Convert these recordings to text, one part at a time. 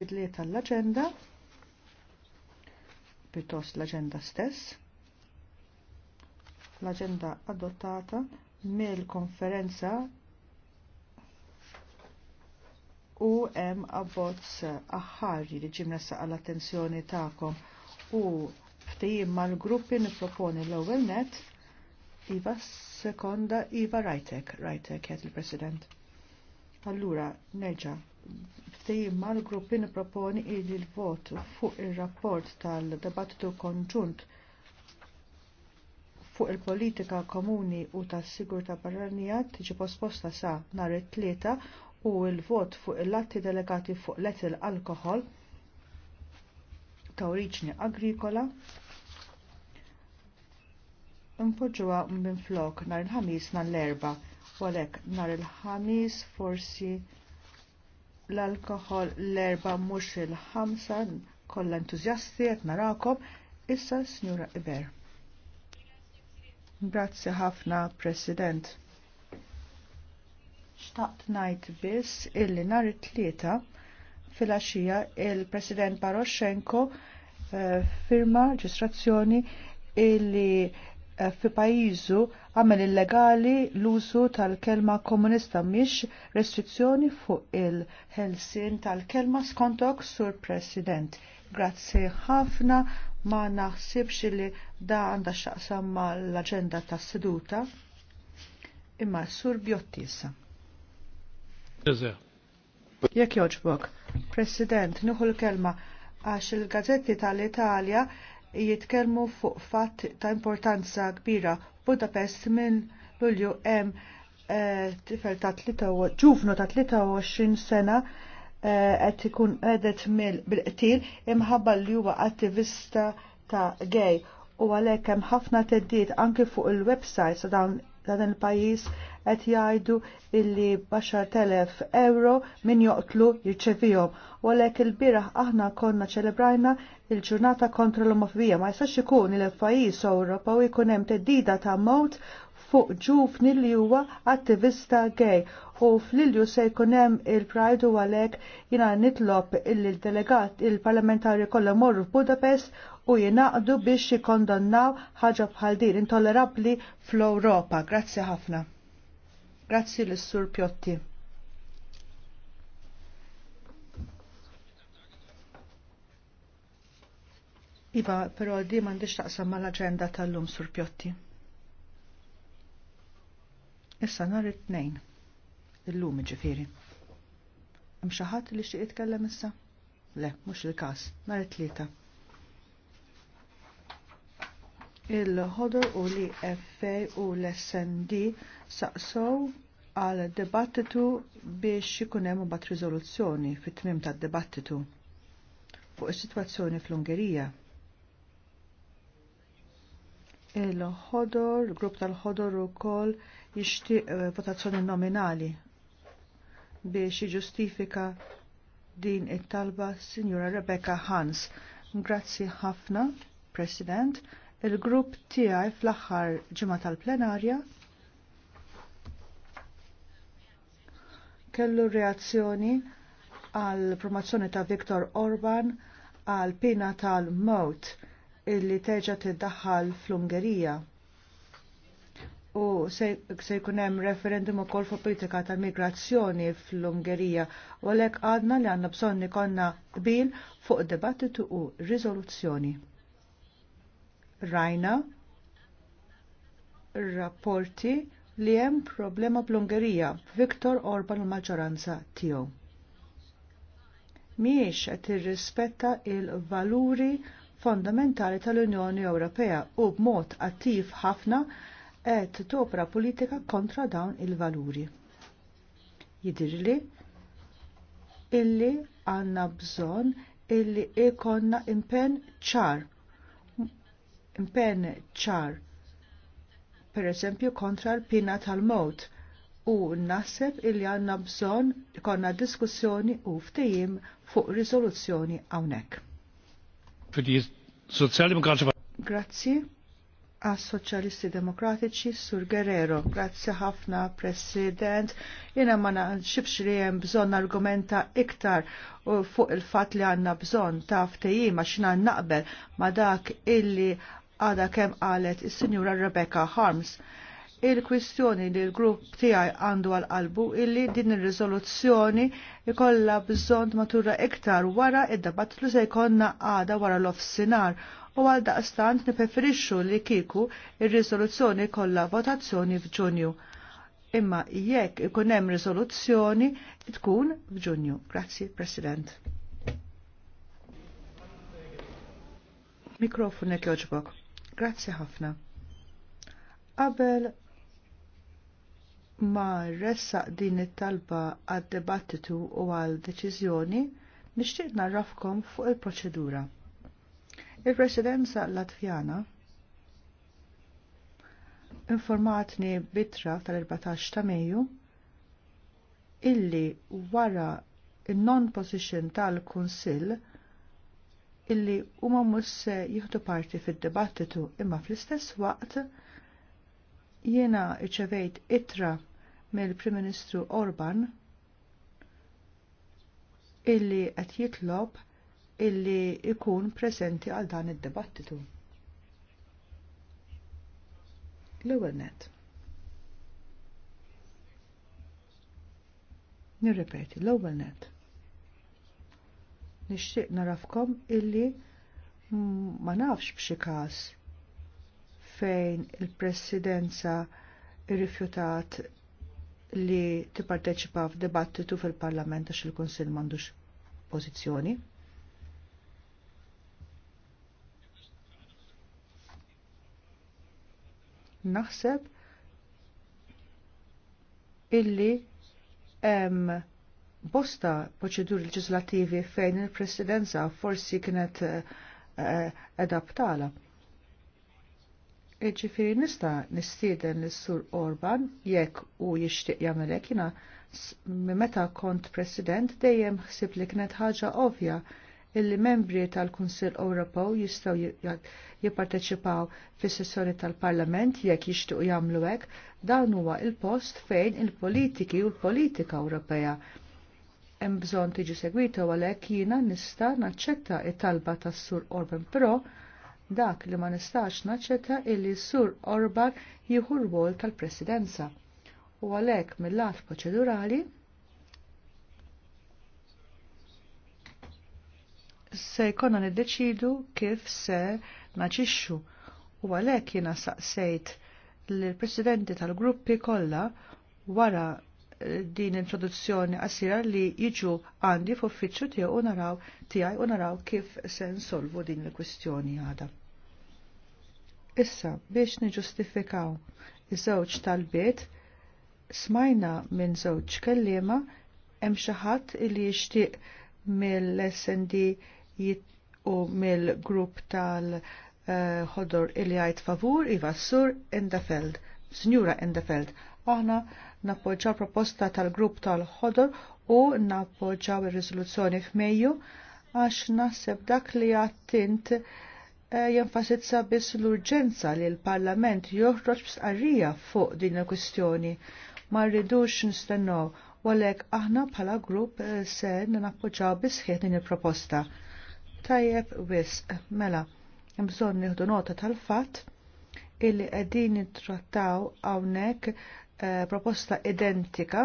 Bidlieta l agenda pittos l-agenda stess, l-agenda adottata mill-konferenza u hemm abbozz aħħarji li ġimna għall attenzjoni tagħkom u ftehim mal-gruppi nipproponi l-ewwel net iva sekonda iva rajtek, rajtek jgħid il-President. Allura, nerġa' ftejim l gruppi niproponi il l-vot fuq il-rapport tal-debattitu konġunt fuq il-politika komuni u tas-sigurta barranija tiġi posposta sa nhar it-tlieta u l-vot fuq il-latti delegati fuq l-etil alkohol ta' oriġni agrikola Npoġġuha minn flok nhar il-ħamis nhar l-erba' u għalhekk nhar il-ħamis forsi l-alkohol l-erba mhux il-ħamsa kollha entużjasti qed narakom issa Snura Iber. Grazzi ħafna President. Xtaqt ngħid biss illi nhar it-tlieta fil axija il-President Baroshenko eh, firma ġistrazzjoni illi Eh, fi pajizu għamel illegali l-użu tal-kelma komunista miex restrizzjoni fuq il-ħelsin tal-kelma skontok sur president. Grazzi ħafna ma naħsibx li da għanda xaqsam ma l-agenda ta' seduta imma sur bjottisa. Jek joġbok, president, nuħu l-kelma għax il-gazzetti tal-Italja jitkellmu fuq fatt ta' importanza kbira. Budapest minn Lulju hemm eh, tifel ta' ġufnu ta' 23 sena eh, qed ikun qedet bil-qtil imħabba li huwa attivista ta' gay u għalhekk hemm ħafna teddiet anke fuq il websajt ta' dan il-pajjiż qed jgħidu illi baxar telef euro min joqtlu jirċevihom. U għalhekk il-bieraħ aħna konna ċelebrajna il-ġurnata kontra l-omofobija. Ma jistax ikun il-pajjiż u jkun hemm teddida ta' mowt fuq ġufni li huwa attivista gay u fl-ilju se jkun hemm il-prajdu għalhekk jiena nitlob il-delegat il-parlamentari kollha morru f'Budapest u jinaqdu biex jikondannaw ħaġa bħal din intollerabbli fl-Ewropa. Grazzi ħafna. Grazzi l-Sur Pjotti. Iva, però di mandiċ taqsam l agenda tal-lum Sur Pjotti. Issa nar it-tnejn. Illum ġifiri. Mxaħat li xtiq jitkellem issa? Le, mux il-kas. Nar it-tlieta il-ħodor u li FA u l-SND saqsow għal dibattitu biex ikun hemm bat riżoluzzjoni fit-tmim tad-dibattitu fuq is-sitwazzjoni fl-Ungerija. Il-ħodor, il-grupp tal-ħodor ukoll jixtieq eh, votazzjoni nominali biex jiġustifika din it-talba Sinjura Rebecca Hans. Grazzi ħafna, President il-grupp tiegħi fl-aħħar ġimgħa tal-plenarja kellu reazzjoni għal promozzjoni ta' Viktor Orban għal pina tal-mot illi teġa tiddaħħal fl-Ungerija. U se jkun hemm referendum ukoll fuq politika tal migrazzjoni fl-Ungerija u għalhekk għadna li għandna bżonn ikonna qbil fuq dibattitu u riżoluzzjoni rajna rapporti li hemm problema bl-Ungerija Viktor Orban il maġġoranza tiegħu. Miex qed tirrispetta il-valuri fondamentali tal-Unjoni Ewropea u b'mod attiv ħafna qed topra politika kontra dawn il-valuri. Jidirli illi għandna bżonn illi ikonna impenn ċar impen ċar, per eżempju kontra l-pina tal-mot, u naħseb illi għanna bżon konna diskussjoni u ftejim fuq rizoluzzjoni għawnek. Grazzi għas soċjalisti demokratiċi Sur Guerrero. Grazzi ħafna, President. Jena ma naħxibx li jem bżon argumenta iktar fuq il-fat li għanna bżon ta' ftejim għax naqbel ma dak illi għada kem għalet il-Sinjura Rebecca Harms il-kwistjoni li l-grupp tiegħi għandu għal-qalbu illi din ir-riżoluzzjoni ikollha bżonn matura iktar wara id-dabat li se jkollna għada wara l-offsinar u għal daqstant nipreferixxu li kieku il riżoluzzjoni kollha votazzjoni f'Ġunju. Imma jekk ikun hemm rizoluzzjoni tkun f'Ġunju. Grazzi, President. Mikrofonek joġbok. Grazzi ħafna. Qabel ma ressaq din it-talba għad debattitu u għal deċiżjoni nixtieq narrafkom fuq il-proċedura. Il-Presidenza Latvjana informatni bitra tal-14 ta' Mejju illi wara il-non-position tal-Kunsill illi huma mhux jieħdu parti fid-dibattitu imma fl-istess waqt jiena rċevejt ittra mill-Prim Ministru Orban illi qed jitlob illi ikun preżenti għal dan id-dibattitu. L-ewwel net. Nirrepeti, l-ewwel net nixtieq narafkom illi ma nafx b'xi każ fejn il-presidenza irrifjutat li tipparteċipa f'dibattitu fil-Parlament għax il-Kunsill m'għandux pożizzjoni. Naħseb illi hemm bosta proċeduri leġislativi fejn il-presidenza forsi kienet eh, eh, adaptala. Iġifiri nista nistieden l-sur Orban jekk u jixtieq jagħmelek jiena meta kont president dejjem ħsib li kienet ħaġa ovvja illi membri tal-Kunsill Ewropew jistgħu jipparteċipaw fis-sessjoni tal-Parlament jekk jixtiequ jagħmlu hekk, dan huwa il-post fejn il-politiki u l-politika Ewropea hemm bżonn tiġi segwita għalhekk jiena nista' naċċetta it-talba tas-Sur Orban, però dak li ma nistax naċċetta illi Sur Orban jieħu r-wol tal-Presidenza. U għalhekk mill-lat proċedurali se jkollna niddeċidu kif se naċixxu. U għalhekk jiena saqsejt lill presidenti tal-gruppi kollha wara din introduzzjoni għasira li jiġu għandi f'uffiċċju tiegħu u naraw tiegħi u naraw kif se nsolvu din il-kwistjoni għada. Issa biex niġustifikaw iż-żewġ tal-bit smajna minn żewġ kellima hemm xi ħadd li jixtieq mill-SND u mill-grupp tal-ħodor uh, illi għajt favur Iva Sur Endefeld, Sinjura Endefeld. Aħna nappoġġaw proposta tal-grupp tal-ħodor u nappoġġaw ir-riżoluzzjoni f'Mejju għax naħseb dak li għattint eh, jenfasizza biss l-urġenza li l-Parlament joħroġ b'sqarrija fuq din il-kwistjoni. Ma rridux nistennew għalhekk aħna bħala grupp eh, se nappoġġaw biss ħieħ din il-proposta. Tajjeb wisq, mela, hemm bżonn nieħdu nota tal-fatt illi qegħdin nittrattaw hawnhekk Eh, proposta identika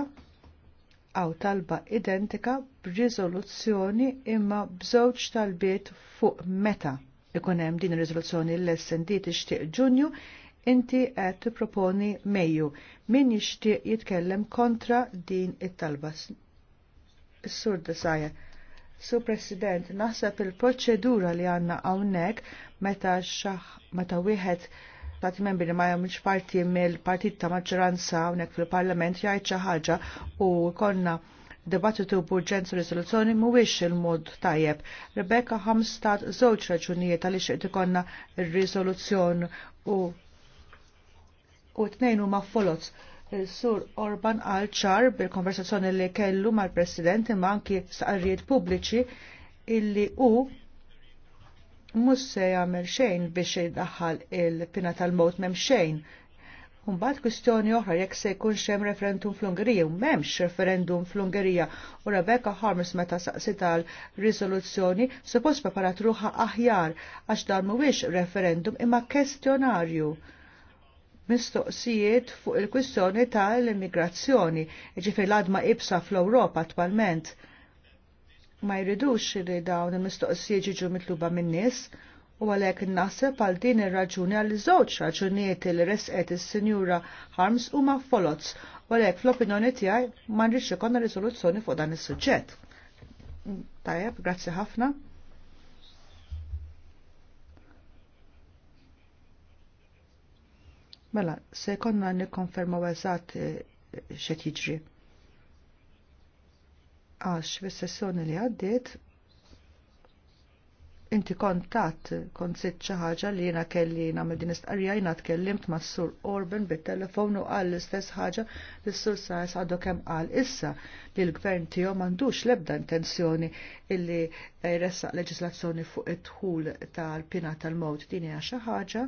għaw talba identika b'riżoluzzjoni imma bżewġ talbiet fuq meta ikun hemm din ir-riżoluzzjoni l-SND tixtieq Ġunju, inti qed tipproponi Mejju. Min jixtieq jitkellem kontra din it-talba? Is-Sur Desaja. Sur President, naħseb il-proċedura li għanna hawnhekk meta meta wieħed stati membri li ma jomx parti mill-partit ta' maġġoranza hawnhekk fil-Parlament jgħid xi ħaġa u konna debattitu b'urġenza risoluzzjoni mhuwiex il-mod tajjeb. Rebecca Hamstad żewġ raġunijiet għaliex qed ikonna r-riżoluzzjon u u tnejn huma folots. Sur Orban għal ċar bil-konversazzjoni li kellu mal-President imma anki saqarrijiet pubbliċi illi u mhux se jagħmel xejn biex jiddaħħal il-pina tal-mowt m'hemm xejn. Mbagħad kwistjoni oħra jekk se jkun xem referendum fl-Ungerija m'hemmx referendum fl-Ungerija u Rebecca Harms meta saqsit tal riżoluzzjoni suppost preparat ruħa aħjar għax dan mhuwiex referendum imma kwestjonarju mistoqsijiet fuq il-kwistjoni tal-immigrazzjoni, ġifir l-adma ibsa fl-Europa attualment ma jridux li dawn il-mistoqsijiet ġiġu mitluba min-nies u għalhekk naħseb għal din ir-raġuni għal żewġ raġunijiet li resqet is-Sinjura Harms huma folots u għalhekk fl-opinjoni tiegħi ma nridx ikonna riżoluzzjoni fuq dan is-suġġett. Tajjeb, grazzi ħafna. Mela, se konna nikkonfermaw eżatt x'et jiġri għax fis-sessjoni li għaddiet inti kontat kont sitt xi ħaġa li jiena kelli nagħmel din istqarrija jiena tkellimt mas Sur Orban bit-telefon u qal l-istess ħaġa li s-Sur Sajs għadu kemm qal issa li l-gvern tiegħu m'għandux l-ebda intenzjoni illi jressaq leġislazzjoni fuq id-dħul tal-pina tal-mod din hija xi ħaġa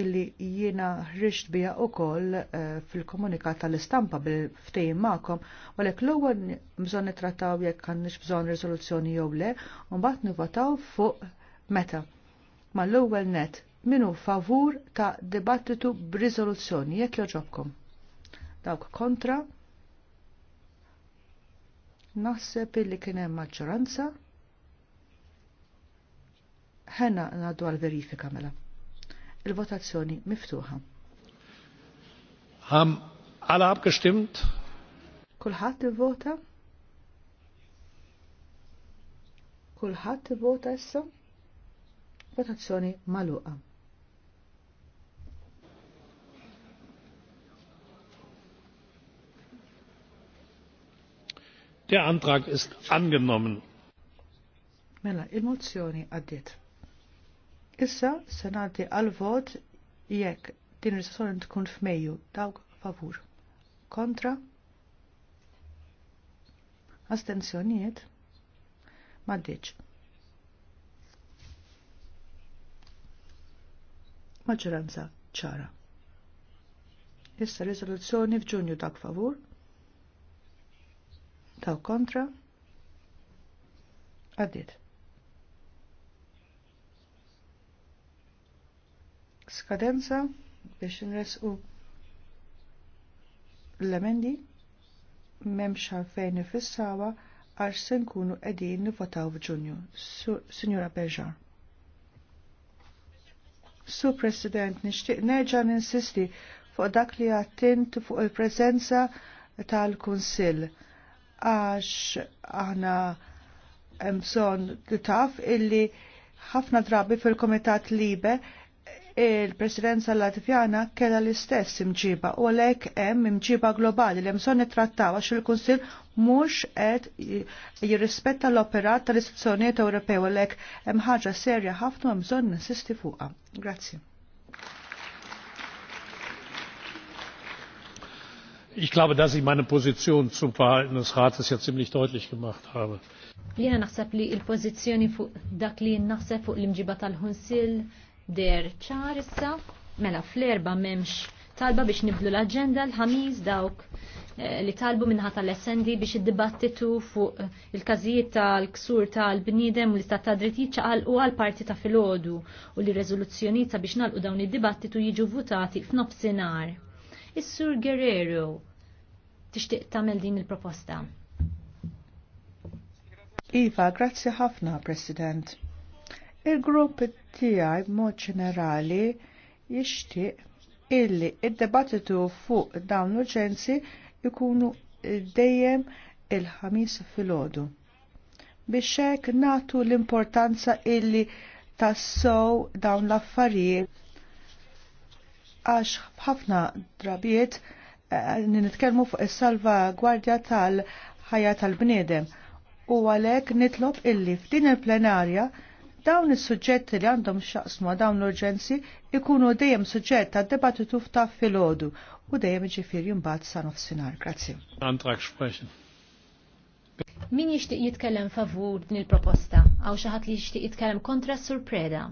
illi jiena ħriġt bija ukoll eh, fil-komunikat tal-istampa bil-ftejn magħkom, għalhekk l-ewwel bżonn nittrattaw jekk għandniex bżonn riżoluzzjoni jew le, u mbagħad nivvotaw fuq meta. Ma l-ewwel net minu favur ta' dibattitu b'riżoluzzjoni jekk joġobkom. Dawk kontra naħseb illi kien hemm maġġoranza ħena ngħaddu għal verifika mela. Il-votazzjoni miftuħa. Ham għala abgestimmt? Kulħadd Kulħat Kulħadd vota issa? Votazzjoni maluqa. Der Antrag ist angenommen. Mela, il-mozzjoni għaddit. Issa se għal vot jekk din il-sessjoni tkun f'Mejju dawk favur. Kontra? Astenzjonijiet? Maddiċ. Maġġoranza ċara. Issa riżoluzzjoni f'Ġunju dawk favur? Dawk kontra? Għaddit. skadenza biex nresqu l-emendi memx għalfejn nifissawa għax se nkunu qegħdin nivotaw f'Ġunju. Sinjura Beja. Su President, nixtieq neġa' ninsisti fuq dak li għattint fuq il-preżenza tal-Kunsill għax aħna hemm bżonn taf illi ħafna drabi fil-Komitat Libe il-presidenza latvjana kella l-istess imġiba u għalhekk hemm imġiba globali li mson nittrattaw għax il-Kunsill mhux qed jirrispetta l-operat tal-istituzzjonijiet Ewropew għalhekk hemm ħaġa serja ħafna hemm bżonn ninsisti fuqha. Grazzi. Ich glaube, dass ich meine Position zum Verhalten des Rates ja ziemlich deutlich gemacht habe. Jena naħseb li il-pozizjoni fuq dak li naħseb fuq l-imġiba tal-Hunsil der ċar issa, mela fl-erba memx talba biex niblu l-agenda l-ħamiz dawk eh, li talbu minnħat tal-essendi biex id-dibattitu fuq eh, il-kazijiet tal-ksur tal-bnidem u l-istat ta' drittijiet ċaqal u għal-parti ta' filodu u li rezoluzzjoni ta' biex nalqu dawn id-dibattitu jiġu votati f'nofsinhar. Is-Sur Guerrero tixtieq tagħmel din il-proposta. Iva, grazzi ħafna, President. Il-grupp tiegħi b'mod ġenerali jixtieq illi id-debattitu fuq dawn l-urġenzi ikunu dejjem il-ħamis filgħodu biex hekk nagħtu l-importanza illi tassow dawn l-affarijiet għax ħafna drabiet eh, nitkellmu fuq is-salva gwardja tal-ħajja tal-bniedem u għalhekk nitlob illi f'din il-plenarja dawn is-suġġetti li għandhom xaqsmu dawn l-urġenzi ikunu dejjem suġġett ta' debattitu fil filgħodu u dejjem iġifieri mbagħad sa nofsinhar. Grazzi. Min jixtieq jitkellem favur din il-proposta għaw xi ħadd li jixtieq jitkellem kontra s-surpreda?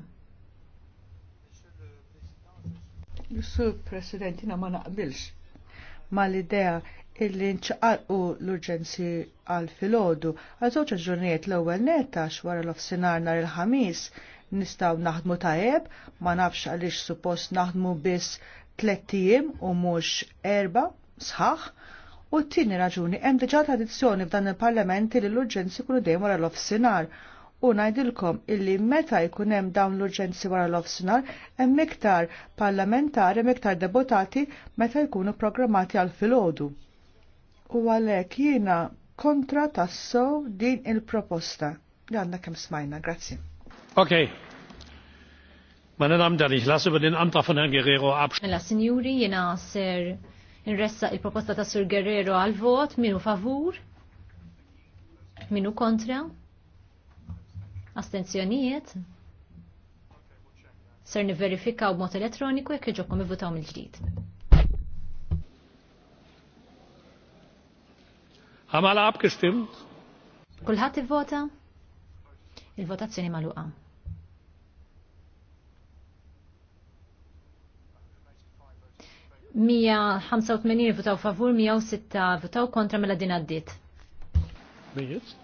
Sur President, ma naqbilx mal-idea illi nċaqqu l-urġenzi għal filgħodu Għal żewġ l-ewwel netax wara l-ofsinhar nar il-ħamis nistgħu naħdmu tajjeb, ma nafx għaliex suppost naħdmu biss tlettijim u mhux erba sħaħ. U t tini raġuni hemm diġà tradizzjoni f'dan il parlamenti li l-urġenzi kunu dejjem wara l ofsinar u ngħidilkom illi meta jkun hemm dawn l-urġenzi wara l-ofsinar hemm iktar parlamentari miktar debutati deputati meta jkunu programmati għal filgħodu. U għalhekk jiena kontra tassow din il-proposta li għandna kemm smajna. Grazzi. Okay. Meine Damen und Herren, ich lasse über den Antrag von Herrn Guerrero abstimmen. Mela, Signori, jena ser nressa il-proposta ta' Sir Guerrero għal-vot, minu favur, minu kontra. Astenzjonijiet? Ser niverifikaw b'mod elettroniku jekk iġokkom ivvutaw mill-ġdid. Għamala għab Kulħadd ivvota? Il-votazzjoni magħluqa. Mija 85 votaw favur, 6 votaw kontra mela din għaddit. Mijiet?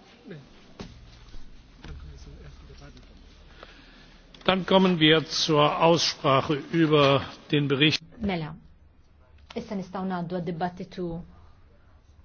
Dann kommen wir zur Aussprache über den Bericht. Mela, issa nistaw naddu għad-dibattitu